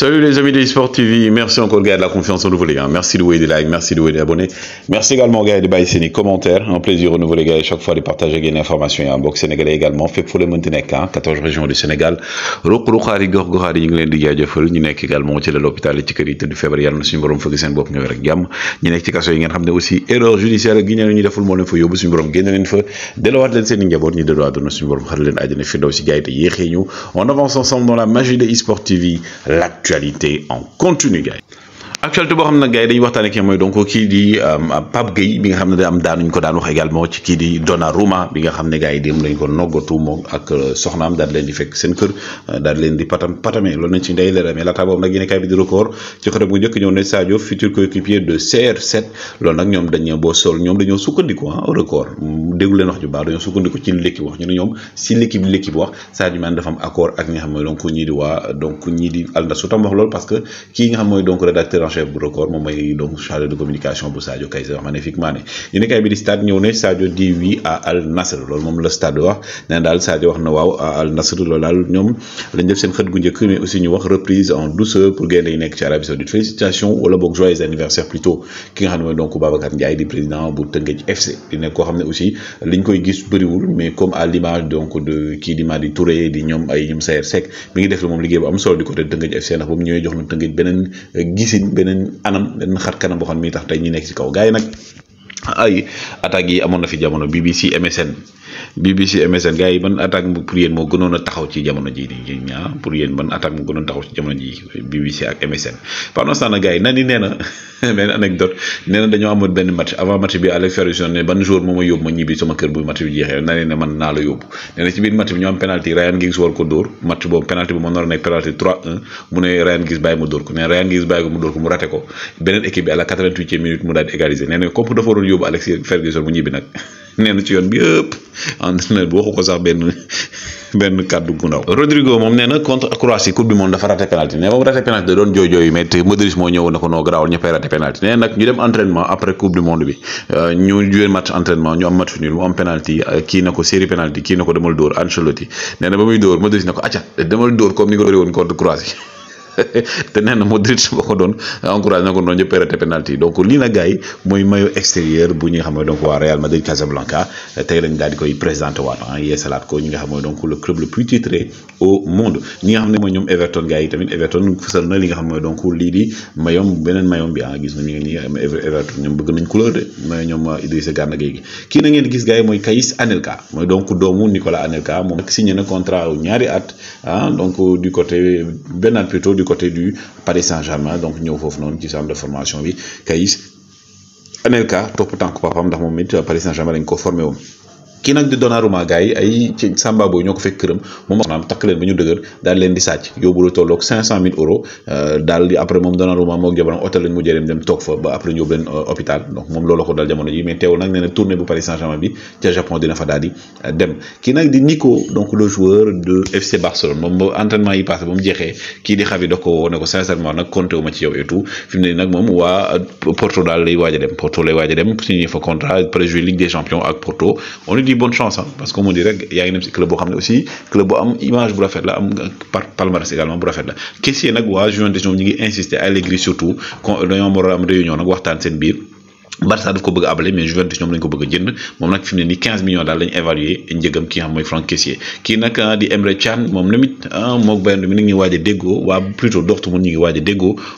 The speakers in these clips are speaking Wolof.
Salut les amis de eSport TV, merci encore gars de la confiance en nous les gars, merci de vous des likes, merci de vous des abonnés, merci également gars de baisser les commentaires, un plaisir au nouveau les gars et chaque fois de partager les informations et un box sénégalais également, fait pour les Monténégalais, 14 régions du Sénégal, Rokurokhari Gorgokhari, ñu ngi leen di jaajëfal ñu nekk également ci l'hôpital de ci kër yi tëdd feebar yàlla na suñu borom fëgg seen bopp ñëw rek jàmm ñu ci yi aussi erreur judiciaire Guinée ñeen ñu deful moo leen fa yóbbu suñu borom génn leen fa delluwaat leen seen i njaboot ñu delluwaat doon suñu borom xar leen àjjana fi daw si gars yi ñu on avance ensemble dans la magie de eSport TV l'actu l'actualité en continu. actualité bo xamna gay gars waxtane ki moy donc ki di euh, pap gay bi nga xam da day am daanuñ ko daan wax également ci ki di dona Donnarumma bi nga xamne gay gars yi dem lañ ko nogatu moom ak euh, soxnam daal leen di fekk seen keur daal leen di patam patame loolu nañ ci ndey leeral mais laata boobu nak yene kay bi di record ci xarit bu ñëk ñew ne Sadio futur coéquipier de CR7 loolu nak ñom dañ ñe bo sol ñoom dañoo sukkandiku ah record déglu leen wax ju baax dañu sukkandiko ci l'équipe wax ñu ne ñoom si l'équipe l'équipe wax Sadio man dafa am accord ak nga xamne donc ñi di wa donc ñi di alda su tam wax lool parce que ki nga xamne moy donc rédacteur plancher bu record moom mooy donc chargé de communication bu Sadio Kayser magnifique Mané yéen kay bi di stade ñëw ne Sadio di oui à Al Nassr loolu mom le stade wax né dal Sadio wax na waw à Al Nassr loolu dal ñom lañ def seen xët gu njëkk mais aussi ñu wax reprise en douceur pour gagner yi nekk ci Arabie Saoudite félicitations wala bok joyeux anniversaire plutôt ki nga xam ne mooy donc Babacar Ndiaye di président bu Teungueth FC di nekk ko xamné aussi liñ koy gis wul mais comme à l'image donc de ki di Madi Touré di ñom ay ñum Sayer Seck mi ngi def la mom liggéey bu am solo di côté Teungueth FC nak ba mu jox na Teungueth benen gisine beneen anam beneen xar kanam boo xam ne mi tax tey ñu nekk ci kaw gars yi nag ay attaques yi amoon na fi jamono BBC MSN. BBC MSN gars yi ban attaque pour yéen moo taxaw ci jamono ji nii ah pour yéen ban attaque moo gënoon taxaw ci jamono ji BBC ak MSN pendant ce temps nag gars yi nan ni nee benn anecdote nee na dañoo benn match avant match bi Alex Ferguson ne ban jour na ne man naa la a mu ñibbi nag neen ci yoon bi yëpp entraîneur bi waxu ko sax benn benn kàddu gu ndaw Rodrigo moom nee contre Croatie coupe du monde dafa raté penalty ne ba muy dóor Modric na ko acca demal dóor comme ni nga dooree woon te nee na Modric ba ko doon encouragé na ko doon jëpp raté penalty donc lii nag gars mooy maillot extérieur bu ñi nga xam mooy ah, donc le club le plus titré au monde ñi nga xam ne mooy donc lii di mayom beneen mayom bi ah gis ah, na ñi nga xam Everton mooy donc doomu Nicolas Anelka moom nag na contrat ñaari at ah, donc du côté benn plutôt du côté du Paris Saint-Germain donc nous foofu noonu ci centre de formation bi Kayz Anelka top tànk dans ndax métier it Paris Saint-Germain dañ ko formé kii nag di Donnarumma gars ay ci Samba ñoo ko fekk këram moom maanaam takk leen ba ñu dëgër daal leen di sàcc yóbbu lu tolloog 500000 euros euh, daal di après yóbbu leen euh, hôpital donc moom loolu ko dal jamono ji mais teewul nag nee tournée bu Paris Saint-Germain bi ca Japon dina fa daal di euh, dem kii nag di Nico donc le joueur de FC Barcelone moom ba yi passé ba mu jeexee kii di Xavi da ko woo ne nag compté wu ci yow et tout fi mu nag moom dis bonne chance hein, parce parce qu'on dirait il y a une dem club boo xam aussi club bu am image bu rafet la am palmarès également bu rafet la y a waa Juventus ñoom ñu ngi insister à l'église surtout quand war a am réunion nag waxtaan seen biir. Barça daf ko bëgg abalé mais Juventus ñom lañ ko bëgg jënd mom nak fi ni 15 millions dal lañ évaluer njëgam ki nga xam mooy Franck Kessié ah, di Emre Can moom tamit ah, moog Bayern mi ni ngi wajé a wa plutôt Dortmund ñu ngi wajé a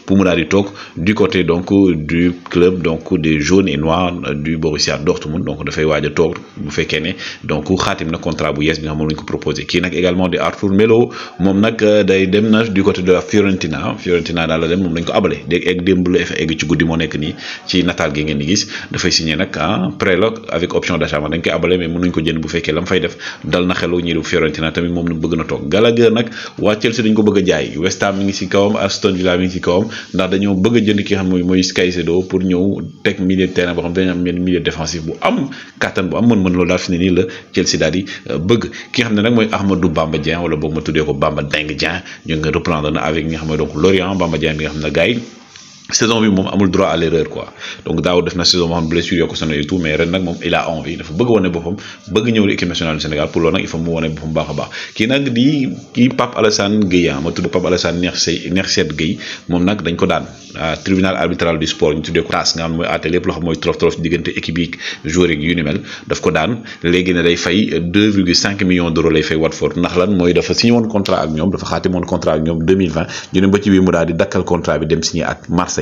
pour mu dali tok du côté donc du club donc des jaunes et noirs euh, du Borussia Dortmund donc da fay wajé tok bu féké né donc xaatim na contrat bu yes bi nga mom lañ ko proposer ki nak également de Arthur Melo mom nak euh, day dem na du côté de la Fiorentina Fiorentina daal la dem mom lañ ko abalé dégg egg démb la egg ci guddi mo nekk ni ci Natal gi ngeen gis dafay signé nag ah prélog avec option d'achat ma dañ koy abale mais mënuñ ko jënd bu féké lam fay def dal na xélo ñi du Fiorentina tamit mom nu bëgg na tok Gallagher nak wa Chelsea dañ ko bëgg jaay West Ham mi ngi ci kawam Aston Villa mi ngi ci kawam ndax dañoo bëgg jënd ki xam moy mooy Caicedo pour ñëw tek milieu de terrain bo xam dañu am milieu défensif bu am kattan bu am mën-mën lo daal fini ni la Chelsea dal di euh, bëgg ki xam ne nag Ahmadou Bamba Dieng wala boog ma tuddé ko Bamba Deng Dieng ñu nga reprendre na avec ñi xam moy donc Lorient Bamba Dieng mi nga xam na gaay saison bi moom amul droit à l'erreur quoi donc daaw def na saison boo xam blessure yoo ko sonal et tout mais ren nak mom il a envie dafa bëgg wane bopam bëgg ñëw l'équipe nationale du Sénégal pour loolu nak il faut mu woné bopam baax a baax kii nag di ki Pape Alassane Gueye ah, ma tuddu Pape Alassane Neex Nerset Neex Seet Gueye moom nag dañ ko daan tribunal arbitral du sport ñu tuddee ko TAS nga xam mooy àtte lépp loo xam mooy trof trof diggante équipe yi joueur yi yu ni mel daf ko daan légui né day fay 2,5 millions d'euros lay fay Watford ndax lan moy dafa signé won contrat ak ñom dafa xati woon contrat ak ñom 2020 ñu ne ba ci bi mu daal di dakkal contrat bi dem signé ak Marseille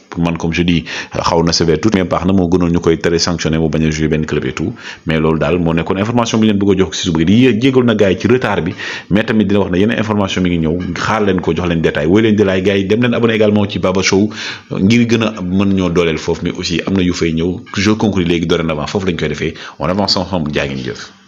man comme je xaw na sévère tout mais baax na moo gënoon ñu koy tere sanctionné mu bañ a benn club et tout mais loolu daal moo nekkoon information bi leen bëgg a jox si suba di jégal na gars ci retard bi mais tamit dina wax ne yeneen information mi ngi ñëw xaar ko jox leen détail wooyu leen di laay gars yi dem leen abonné également ci Baba Show ngir gën a mën ñoo dooleel foofu mais aussi am na yu fay ñëw je conclus léegi dorénavant foofu lañ koy defee on avance ensemble jaa